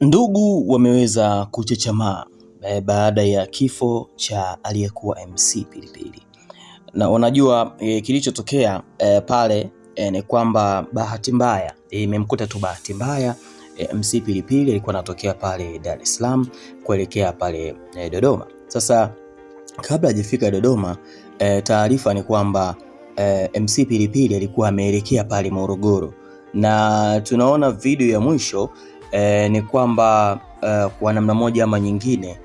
Ndugu wameweza kuchechamaa eh, baada ya kifo cha aliyekuwa MC Pilipili na unajua eh, kilichotokea eh, pale eh, ni kwamba bahati mbaya eh, imemkuta eh, tu bahati mbaya eh, MC Pilipili alikuwa anatokea pale Dar es Salaam kuelekea pale eh, Dodoma. Sasa kabla hajafika Dodoma eh, taarifa ni kwamba eh, MC Pilipili alikuwa ameelekea pale Morogoro na tunaona video ya mwisho e, ni kwamba e, kwa namna moja ama nyingine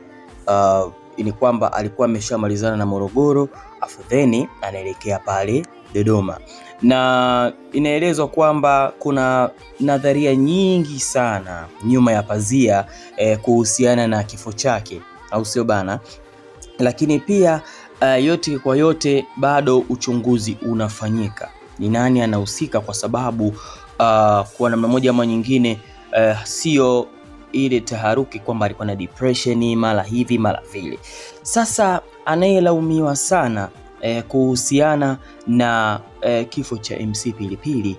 e, ni kwamba alikuwa ameshamalizana na Morogoro afu then anaelekea pale Dodoma, na inaelezwa kwamba kuna nadharia nyingi sana nyuma ya pazia e, kuhusiana na kifo chake, au sio bana? Lakini pia uh, yote kwa yote bado uchunguzi unafanyika, ni nani anahusika, kwa sababu uh, kwa namna moja ama nyingine uh, sio ile taharuki kwamba alikuwa na depression mara hivi mara vile. Sasa anayelaumiwa sana eh, kuhusiana na eh, kifo cha MC Pilipili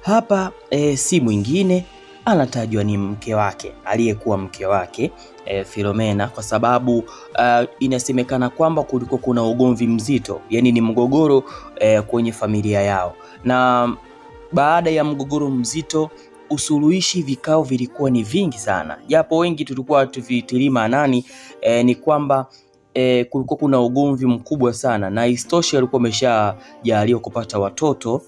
hapa eh, si mwingine anatajwa ni mke wake aliyekuwa mke wake e, eh, Philomena kwa sababu uh, inasemekana kwamba kulikuwa kuna ugomvi mzito, yani ni mgogoro e, kwenye familia yao, na baada ya mgogoro mzito usuluhishi vikao vilikuwa ni vingi sana, japo wengi tulikuwa tuvitilii maanani e, eh, ni kwamba e, kulikuwa kuna ugomvi mkubwa sana, na istoshi alikuwa ameshajaliwa kupata watoto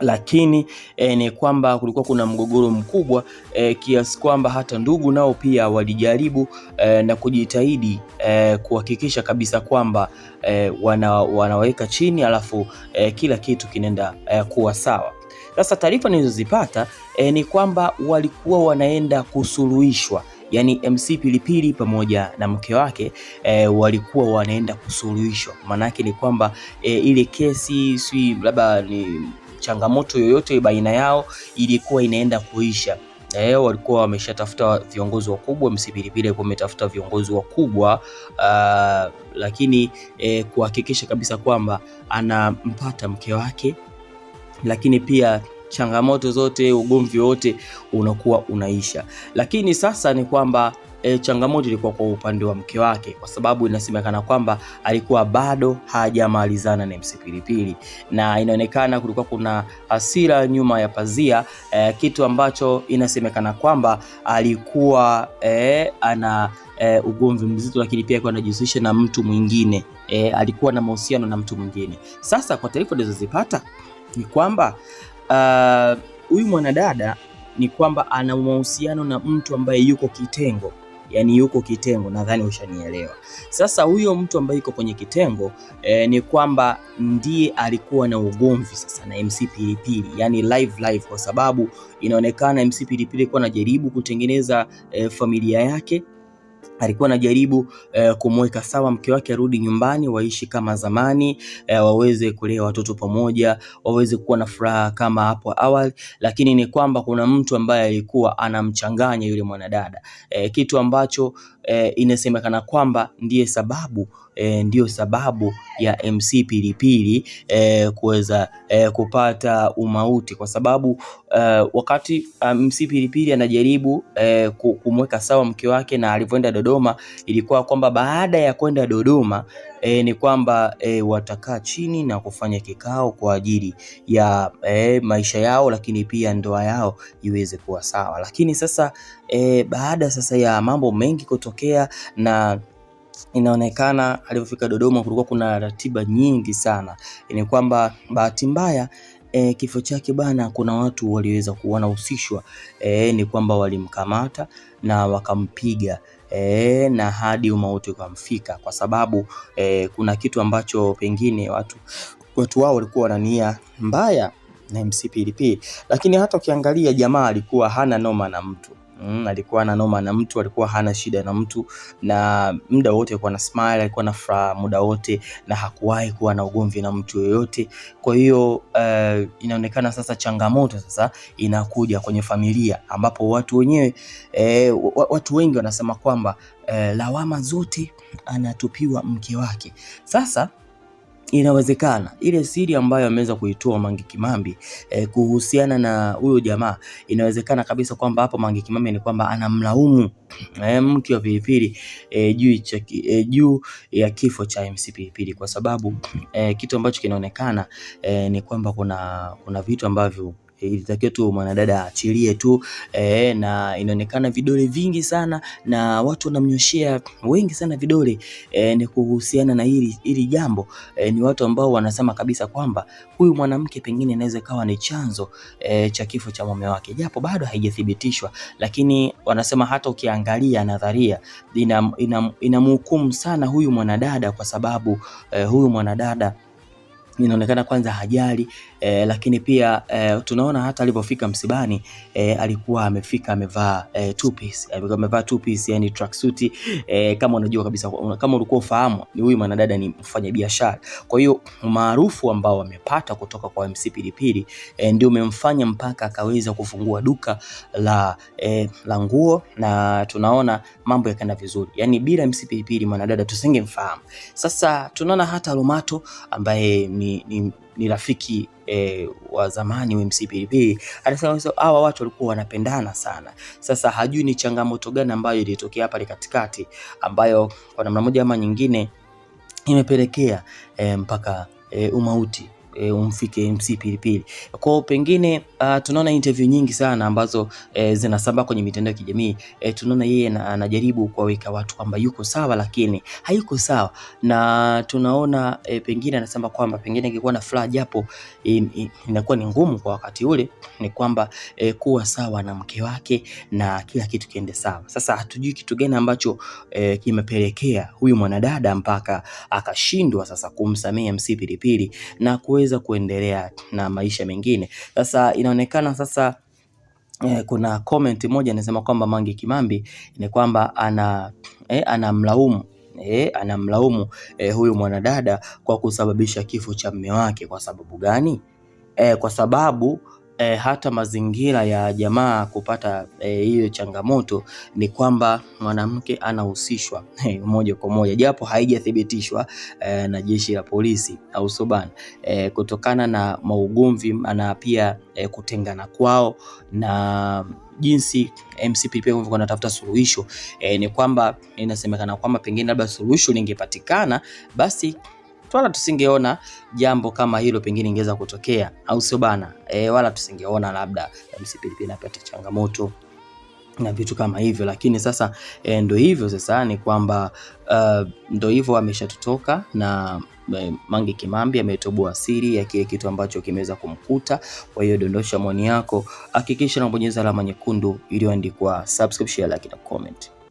lakini e, ni kwamba kulikuwa kuna mgogoro mkubwa e, kiasi kwamba hata ndugu nao pia walijaribu e, na kujitahidi e, kuhakikisha kabisa kwamba e, wana, wanaweka chini alafu e, kila kitu kinaenda e, kuwa sawa. Sasa taarifa nilizozipata e, ni kwamba walikuwa wanaenda kusuluhishwa yaani MC Pilipili pamoja na mke wake e, walikuwa wanaenda kusuluhishwa. Maana yake ni kwamba e, ile kesi si labda ni changamoto yoyote baina yao ilikuwa inaenda kuisha. E, walikuwa wameshatafuta viongozi wakubwa. MC Pilipili alikuwa ametafuta viongozi wakubwa uh, lakini e, kuhakikisha kabisa kwamba anampata mke wake, lakini pia changamoto zote, ugomvi wote unakuwa unaisha. Lakini sasa ni kwamba E, changamoto ilikuwa kwa upande wa mke wake, kwa sababu inasemekana kwamba alikuwa bado hajamalizana na MC Pilipili, na inaonekana kulikuwa kuna hasira nyuma ya pazia e, kitu ambacho inasemekana kwamba alikuwa e, ana e, ugomvi mzito, lakini pia alikuwa anajihusisha na mtu mwingine e, alikuwa na mahusiano na mtu mwingine. Sasa kwa taarifa alizozipata ni kwamba Uh, huyu uh, mwanadada ni kwamba ana mahusiano na mtu ambaye yuko kitengo yani yuko kitengo, nadhani ushanielewa. Sasa huyo mtu ambaye yuko kwenye kitengo e, ni kwamba ndiye alikuwa na ugomvi sasa na MC Pilipili, yani live live, kwa sababu inaonekana MC Pilipili alikuwa anajaribu kutengeneza e, familia yake alikuwa anajaribu eh, kumweka sawa mke wake arudi nyumbani waishi kama zamani eh, waweze kulea watoto pamoja, waweze kuwa na furaha kama hapo awali, lakini ni kwamba kuna mtu ambaye alikuwa anamchanganya yule mwanadada eh, kitu ambacho e, inasemekana kwamba ndiye sababu e, ndiyo sababu ya MC Pilipili e, kuweza e, kupata umauti kwa sababu e, wakati MC Pilipili anajaribu e, kumweka sawa mke wake na alivyoenda Dodoma, ilikuwa kwamba baada ya kwenda Dodoma e, ni kwamba e, watakaa chini na kufanya kikao kwa ajili ya e, maisha yao, lakini pia ndoa yao iweze kuwa sawa. Lakini sasa e, baada sasa ya mambo mengi kutokea kutokea na inaonekana alipofika Dodoma kulikuwa kuna ratiba nyingi sana. Ni kwamba bahati mbaya e, kifo chake bana, kuna watu waliweza wanahusishwa e, eh, ni kwamba walimkamata na wakampiga e, na hadi umauti ukamfika, kwa sababu e, kuna kitu ambacho pengine watu watu wao walikuwa na nia mbaya na MC Pilipili, lakini hata ukiangalia jamaa alikuwa hana noma na mtu Mm, alikuwa na noma na mtu, alikuwa hana shida na mtu, na muda wote alikuwa na smile, alikuwa na furaha muda wote, na hakuwahi kuwa na ugomvi na mtu yoyote. Kwa hiyo uh, inaonekana sasa changamoto sasa inakuja kwenye familia ambapo watu wenyewe eh, watu wengi wanasema kwamba eh, lawama zote anatupiwa mke wake sasa inawezekana ile siri ambayo ameweza kuitoa Mange Kimambi eh, kuhusiana na huyo jamaa, inawezekana kabisa kwamba hapo Mange Kimambi ni kwamba anamlaumu eh, mke wa Pilipili eh, juu eh, juu ya kifo cha MC Pilipili kwa sababu eh, kitu ambacho kinaonekana eh, ni kwamba kuna, kuna vitu ambavyo ilitakiwa tu mwanadada aachilie tu e, na inaonekana vidole vingi sana na watu wanamnyoshea wengi sana vidole e, ni kuhusiana na hili, hili jambo e, ni watu ambao wanasema kabisa kwamba huyu mwanamke pengine anaweza kawa ni chanzo e, cha kifo cha mume wake, japo bado haijathibitishwa, lakini wanasema hata ukiangalia nadharia inamhukumu ina, ina sana huyu mwanadada kwa sababu e, huyu mwanadada inaonekana kwanza hajali e, lakini pia e, tunaona hata alipofika msibani e, alikuwa amefika amevaa e, two piece, alikuwa amevaa two piece yani suit e, kama unajua kabisa, kama ulikuwa ufahamu, ni huyu mwanadada ni mfanyabiashara. Kwa hiyo maarufu ambao amepata kutoka kwa MC Pilipili e, ndio umemfanya mpaka akaweza kufungua duka la e, la nguo na tunaona mambo yakaenda vizuri, yani bila MC Pilipili mwanadada tusingemfahamu. Sasa tunaona hata Lomato ambaye ni ni, ni, rafiki e, wa zamani wa MC Pilipili anasema hawa watu walikuwa wanapendana sana. Sasa hajui ni changamoto gani ambayo ilitokea pale katikati ambayo kwa namna moja ama nyingine imepelekea e, mpaka e, umauti e, umfike MC Pilipili. Kwa pengine uh, tunaona interview nyingi sana ambazo e, zinasambaa kwenye mitandao ya kijamii e, tunaona yeye anajaribu kuwaweka watu kwamba yuko sawa lakini hayuko sawa, na tunaona e, pengine anasema kwamba pengine ingekuwa na furaha japo inakuwa ni ngumu kwa wakati ule, ni kwamba e, kuwa sawa na mke wake na kila kitu kiende sawa. Sasa hatujui kitu gani ambacho e, kimepelekea huyu mwanadada mpaka akashindwa sasa kumsamehe MC Pilipili na kuwe kuweza kuendelea na maisha mengine. Sasa inaonekana sasa eh, kuna comment moja inasema kwamba Mange Kimambi ni kwamba ana eh, anamlaumu eh, anamlaumu e, huyu mwanadada kwa kusababisha kifo cha mume wake. Kwa sababu gani? E, kwa sababu e, hata mazingira ya jamaa kupata eh, hiyo e, changamoto ni kwamba mwanamke anahusishwa eh, moja kwa moja, japo haijathibitishwa e, na jeshi la polisi au soban e, kutokana na maugomvi na pia e, kutengana kwao na jinsi MCPP kwa anatafuta suluhisho e, ni kwamba inasemekana kwamba pengine labda suluhisho lingepatikana basi wala tusingeona jambo kama hilo pengine ingeweza kutokea, au sio bana? E, wala tusingeona labda MC Pilipili apate changamoto na vitu kama hivyo, lakini sasa e, ndo hivyo sasa ni kwamba uh, ndo hivyo ameshatutoka na e, Mange Kimambi ametoboa siri ya kile kitu ambacho kimeweza kumkuta. Kwa hiyo dondosha maoni yako, hakikisha na bonyeza alama nyekundu iliyoandikwa subscribe, share, like na comment.